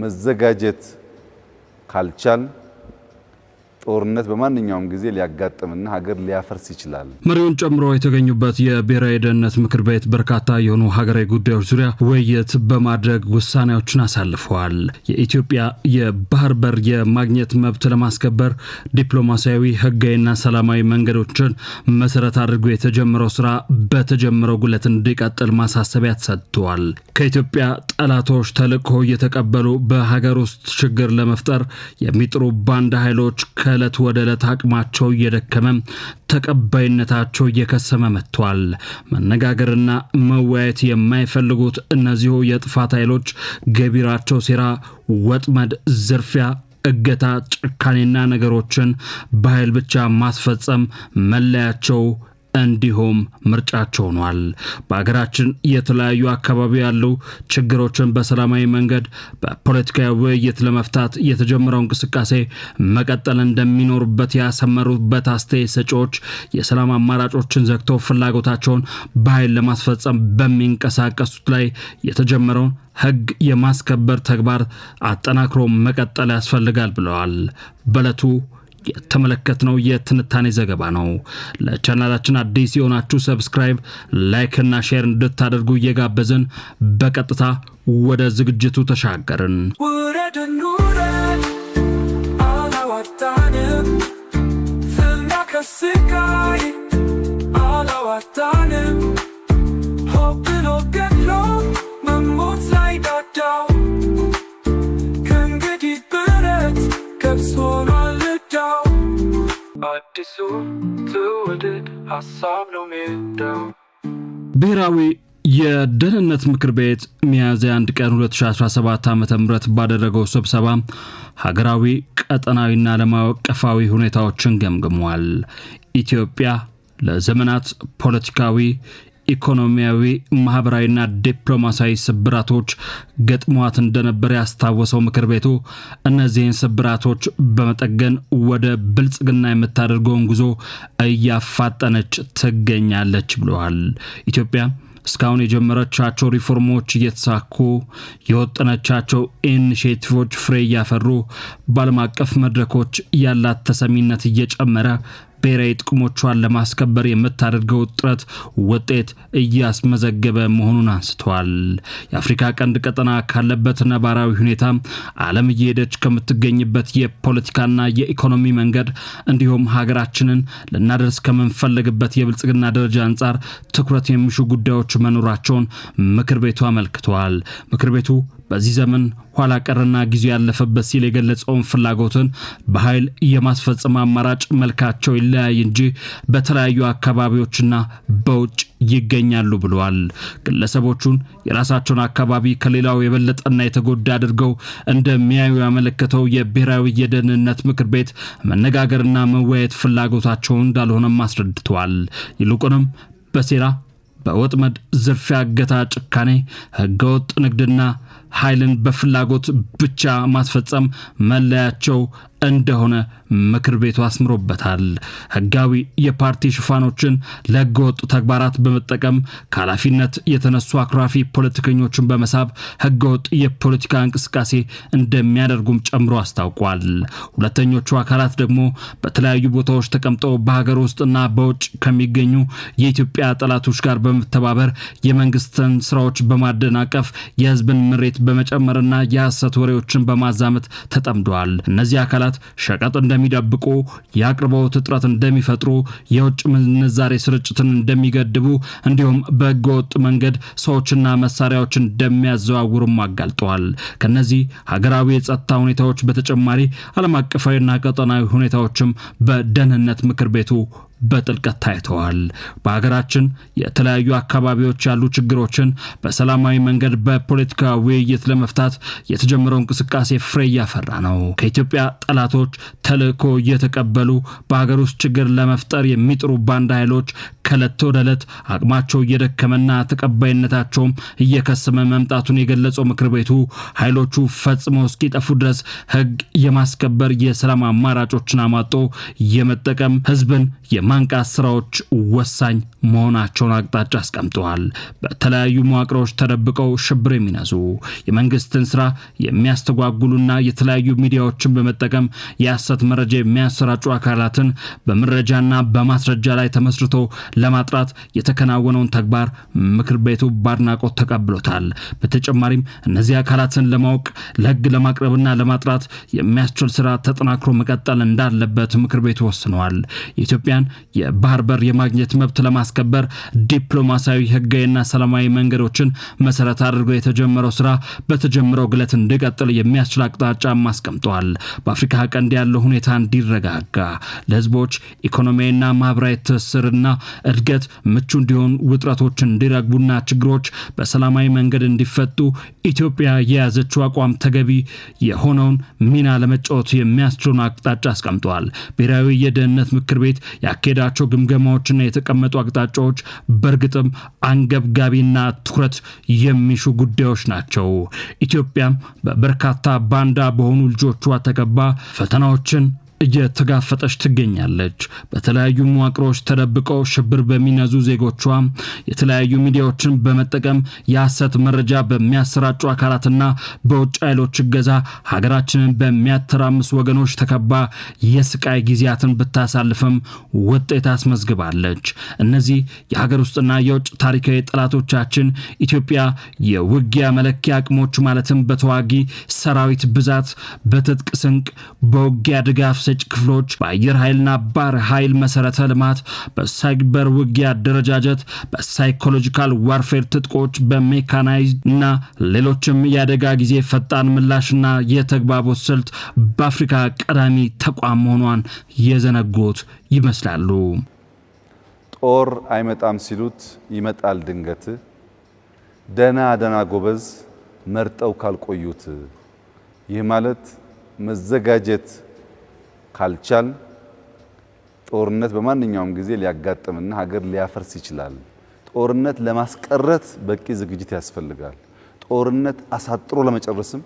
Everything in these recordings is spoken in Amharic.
መዘጋጀት ካልቻል ጦርነት በማንኛውም ጊዜ ሊያጋጥምና ሀገር ሊያፈርስ ይችላል። መሪውን ጨምሮ የተገኙበት የብሔራዊ ደህንነት ምክር ቤት በርካታ የሆኑ ሀገራዊ ጉዳዮች ዙሪያ ውይይት በማድረግ ውሳኔዎችን አሳልፈዋል። የኢትዮጵያ የባህር በር የማግኘት መብት ለማስከበር ዲፕሎማሲያዊ፣ ህጋዊና ሰላማዊ መንገዶችን መሰረት አድርጎ የተጀመረው ስራ በተጀመረው ጉለት እንዲቀጥል ማሳሰቢያ ተሰጥተዋል። ከኢትዮጵያ ጠላቶች ተልዕኮ እየተቀበሉ በሀገር ውስጥ ችግር ለመፍጠር የሚጥሩ ባንዳ ኃይሎች ከ ከዕለት ወደ ዕለት አቅማቸው እየደከመ ተቀባይነታቸው እየከሰመ መጥቷል። መነጋገርና መወያየት የማይፈልጉት እነዚሁ የጥፋት ኃይሎች ገቢራቸው ሴራ፣ ወጥመድ፣ ዝርፊያ እገታ፣ ጭካኔና ነገሮችን በኃይል ብቻ ማስፈጸም መለያቸው እንዲሁም ምርጫቸው ሆኗል። በሀገራችን የተለያዩ አካባቢ ያሉ ችግሮችን በሰላማዊ መንገድ በፖለቲካዊ ውይይት ለመፍታት የተጀመረው እንቅስቃሴ መቀጠል እንደሚኖርበት ያሰመሩበት አስተያየት ሰጪዎች የሰላም አማራጮችን ዘግተው ፍላጎታቸውን በኃይል ለማስፈጸም በሚንቀሳቀሱት ላይ የተጀመረውን ሕግ የማስከበር ተግባር አጠናክሮ መቀጠል ያስፈልጋል ብለዋል። በዕለቱ የተመለከትነው የትንታኔ ዘገባ ነው። ለቻናላችን አዲስ የሆናችሁ ሰብስክራይብ፣ ላይክ እና ሼር እንድታደርጉ እየጋበዝን በቀጥታ ወደ ዝግጅቱ ተሻገርን። ትውልድ ሀሳብ ነው ሜዳው። ብሔራዊ የደህንነት ምክር ቤት ሚያዝያ 1 ቀን 2017 ዓ ም ባደረገው ስብሰባ ሀገራዊ ቀጠናዊና ዓለም አቀፋዊ ሁኔታዎችን ገምግሟል። ኢትዮጵያ ለዘመናት ፖለቲካዊ ኢኮኖሚያዊ፣ ማህበራዊና ዲፕሎማሲያዊ ስብራቶች ገጥሟት እንደነበር ያስታወሰው ምክር ቤቱ እነዚህን ስብራቶች በመጠገን ወደ ብልጽግና የምታደርገውን ጉዞ እያፋጠነች ትገኛለች ብለዋል። ኢትዮጵያ እስካሁን የጀመረቻቸው ሪፎርሞች እየተሳኩ የወጠነቻቸው ኢኒሼቲቮች ፍሬ እያፈሩ በዓለም አቀፍ መድረኮች ያላት ተሰሚነት እየጨመረ ብሔራዊ ጥቅሞቿን ለማስከበር የምታደርገው ጥረት ውጤት እያስመዘገበ መሆኑን አንስተዋል። የአፍሪካ ቀንድ ቀጠና ካለበት ነባራዊ ሁኔታ ዓለም እየሄደች ከምትገኝበት የፖለቲካና የኢኮኖሚ መንገድ እንዲሁም ሀገራችንን ልናደርስ ከምንፈለግበት የብልጽግና ደረጃ አንጻር ትኩረት የሚሹ ጉዳዮች መኖራቸውን ምክር ቤቱ አመልክተዋል። ምክር ቤቱ በዚህ ዘመን ኋላ ቀርና ጊዜ ያለፈበት ሲል የገለጸውን ፍላጎትን በኃይል የማስፈጸም አማራጭ መልካቸው ይለያይ እንጂ በተለያዩ አካባቢዎችና በውጭ ይገኛሉ ብለዋል። ግለሰቦቹን የራሳቸውን አካባቢ ከሌላው የበለጠና የተጎዳ አድርገው እንደሚያዩ ያመለከተው የብሔራዊ የደህንነት ምክር ቤት መነጋገርና መወያየት ፍላጎታቸውን እንዳልሆነም አስረድተዋል። ይልቁንም በሴራ በወጥመድ ዝርፊያ፣ እገታ፣ ጭካኔ፣ ህገወጥ ንግድና ኃይልን በፍላጎት ብቻ ማስፈጸም መለያቸው እንደሆነ ምክር ቤቱ አስምሮበታል። ህጋዊ የፓርቲ ሽፋኖችን ለህገወጥ ተግባራት በመጠቀም ከኃላፊነት የተነሱ አኩራፊ ፖለቲከኞችን በመሳብ ህገወጥ የፖለቲካ እንቅስቃሴ እንደሚያደርጉም ጨምሮ አስታውቋል። ሁለተኞቹ አካላት ደግሞ በተለያዩ ቦታዎች ተቀምጠው በሀገር ውስጥና በውጭ ከሚገኙ የኢትዮጵያ ጠላቶች ጋር በመተባበር የመንግስትን ስራዎች በማደናቀፍ የህዝብን ምሬት በመጨመርና የሐሰት ወሬዎችን በማዛመት ተጠምደዋል። እነዚህ አካላት መንግስታት ሸቀጥ እንደሚደብቁ፣ የአቅርቦት እጥረት እንደሚፈጥሩ፣ የውጭ ምንዛሬ ስርጭትን እንደሚገድቡ እንዲሁም በህገወጥ መንገድ ሰዎችና መሳሪያዎች እንደሚያዘዋውሩም አጋልጠዋል። ከነዚህ ሀገራዊ የጸጥታ ሁኔታዎች በተጨማሪ ዓለም አቀፋዊና ቀጠናዊ ሁኔታዎችም በደህንነት ምክር ቤቱ በጥልቀት ታይተዋል። በሀገራችን የተለያዩ አካባቢዎች ያሉ ችግሮችን በሰላማዊ መንገድ በፖለቲካ ውይይት ለመፍታት የተጀመረው እንቅስቃሴ ፍሬ እያፈራ ነው። ከኢትዮጵያ ጠላቶች ተልእኮ እየተቀበሉ በሀገር ውስጥ ችግር ለመፍጠር የሚጥሩ ባንድ ኃይሎች ከእለት ወደ ዕለት አቅማቸው እየደከመና ተቀባይነታቸውም እየከሰመ መምጣቱን የገለጸው ምክር ቤቱ ኃይሎቹ ፈጽመው እስኪጠፉ ድረስ ህግ የማስከበር የሰላም አማራጮችን አማጦ የመጠቀም ህዝብን የማንቃት ስራዎች ወሳኝ መሆናቸውን አቅጣጫ አስቀምጠዋል። በተለያዩ መዋቅሮች ተደብቀው ሽብር የሚነዙ የመንግስትን ስራ የሚያስተጓጉሉና የተለያዩ ሚዲያዎችን በመጠቀም የሐሰት መረጃ የሚያሰራጩ አካላትን በመረጃና በማስረጃ ላይ ተመስርቶ ለማጥራት የተከናወነውን ተግባር ምክር ቤቱ በአድናቆት ተቀብሎታል። በተጨማሪም እነዚህ አካላትን ለማወቅ ለህግ ለማቅረብና ለማጥራት የሚያስችል ስራ ተጠናክሮ መቀጠል እንዳለበት ምክር ቤቱ ወስነዋል። የኢትዮጵያን የባህር በር የማግኘት መብት ለማስከበር ዲፕሎማሲያዊ፣ ህጋዊና ሰላማዊ መንገዶችን መሰረት አድርጎ የተጀመረው ስራ በተጀመረው ግለት እንዲቀጥል የሚያስችል አቅጣጫም አስቀምጠዋል። በአፍሪካ ቀንድ ያለው ሁኔታ እንዲረጋጋ ለህዝቦች ኢኮኖሚያዊና ማህበራዊ ትስስርና እድገት ምቹ እንዲሆን ውጥረቶች እንዲረግቡና ችግሮች በሰላማዊ መንገድ እንዲፈቱ ኢትዮጵያ የያዘችው አቋም ተገቢ የሆነውን ሚና ለመጫወት የሚያስችሉን አቅጣጫ አስቀምጠዋል። ብሔራዊ የደህንነት ምክር ቤት ያካሄዳቸው ግምገማዎችና የተቀመጡ አቅጣጫዎች በእርግጥም አንገብጋቢና ትኩረት የሚሹ ጉዳዮች ናቸው። ኢትዮጵያም በበርካታ ባንዳ በሆኑ ልጆቿ ተከባ ፈተናዎችን እየተጋፈጠች ትገኛለች። በተለያዩ መዋቅሮች ተደብቀው ሽብር በሚነዙ ዜጎቿ የተለያዩ ሚዲያዎችን በመጠቀም የሐሰት መረጃ በሚያሰራጩ አካላትና በውጭ ኃይሎች እገዛ ሀገራችንን በሚያተራምሱ ወገኖች ተከባ የስቃይ ጊዜያትን ብታሳልፍም ውጤት አስመዝግባለች። እነዚህ የሀገር ውስጥና የውጭ ታሪካዊ ጠላቶቻችን ኢትዮጵያ የውጊያ መለኪያ አቅሞች ማለትም በተዋጊ ሰራዊት ብዛት፣ በትጥቅ ስንቅ፣ በውጊያ ድጋፍ ሰጪ ክፍሎች በአየር ኃይልና ባህር ኃይል መሰረተ ልማት፣ በሳይበር ውጊያ አደረጃጀት፣ በሳይኮሎጂካል ዋርፌር ትጥቆች፣ በሜካናይዝ እና ሌሎችም የአደጋ ጊዜ ፈጣን ምላሽና የተግባቦት ስልት በአፍሪካ ቀዳሚ ተቋም መሆኗን የዘነጉት ይመስላሉ። ጦር አይመጣም ሲሉት ይመጣል ድንገት ደና ደና ጎበዝ መርጠው ካልቆዩት ይህ ማለት መዘጋጀት ካልቻል ጦርነት በማንኛውም ጊዜ ሊያጋጥምና ሀገር ሊያፈርስ ይችላል። ጦርነት ለማስቀረት በቂ ዝግጅት ያስፈልጋል። ጦርነት አሳጥሮ ለመጨረስም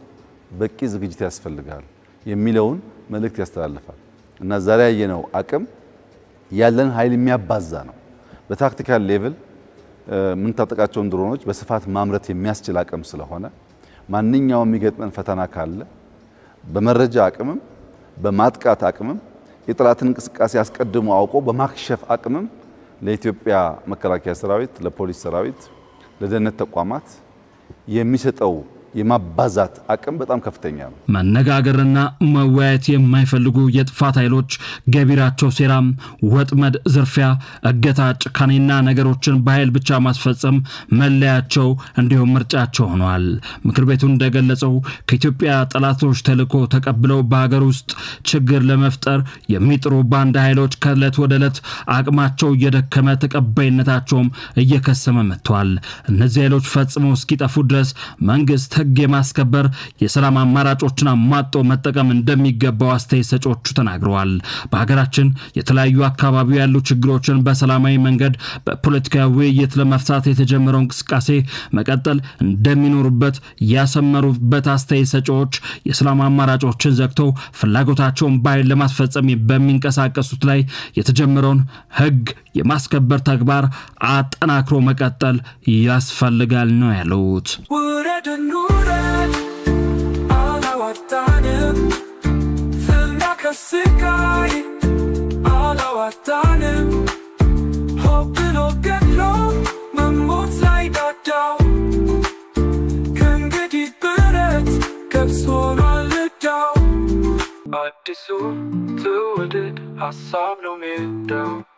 በቂ ዝግጅት ያስፈልጋል የሚለውን መልእክት ያስተላልፋል እና ዛሬ ያየነው አቅም ያለን ኃይል የሚያባዛ ነው። በታክቲካል ሌቭል የምንታጠቃቸውን ድሮኖች በስፋት ማምረት የሚያስችል አቅም ስለሆነ ማንኛውም የሚገጥመን ፈተና ካለ በመረጃ አቅምም በማጥቃት አቅምም የጠላትን እንቅስቃሴ አስቀድሞ አውቆ በማክሸፍ አቅምም ለኢትዮጵያ መከላከያ ሰራዊት፣ ለፖሊስ ሰራዊት፣ ለደህንነት ተቋማት የሚሰጠው የማባዛት አቅም በጣም ከፍተኛ ነው። መነጋገርና መወያየት የማይፈልጉ የጥፋት ኃይሎች ገቢራቸው ሴራም፣ ወጥመድ፣ ዝርፊያ፣ እገታ፣ ጭካኔና ነገሮችን በኃይል ብቻ ማስፈጸም መለያቸው እንዲሁም ምርጫቸው ሆኗል። ምክር ቤቱ እንደገለጸው ከኢትዮጵያ ጠላቶች ተልዕኮ ተቀብለው በሀገር ውስጥ ችግር ለመፍጠር የሚጥሩ ባንዳ ኃይሎች ከዕለት ወደ ዕለት አቅማቸው እየደከመ ተቀባይነታቸውም እየከሰመ መጥቷል። እነዚህ ኃይሎች ፈጽመው እስኪጠፉ ድረስ መንግስት ህግ የማስከበር የሰላም አማራጮችን አሟጦ መጠቀም እንደሚገባው አስተያየት ሰጪዎቹ ተናግረዋል። በሀገራችን የተለያዩ አካባቢ ያሉ ችግሮችን በሰላማዊ መንገድ በፖለቲካዊ ውይይት ለመፍታት የተጀመረው እንቅስቃሴ መቀጠል እንደሚኖሩበት ያሰመሩበት አስተያየት ሰጪዎች የሰላም አማራጮችን ዘግተው ፍላጎታቸውን ባይል ለማስፈጸም በሚንቀሳቀሱት ላይ የተጀመረውን ህግ የማስከበር ተግባር አጠናክሮ መቀጠል ያስፈልጋል ነው ያሉት። górę A na łatanie Wylna klasykaj A na no getlo Mam moc lajda dał Kęgedi byret Kepsłona lydał Adysu Ty łydyt Hasam no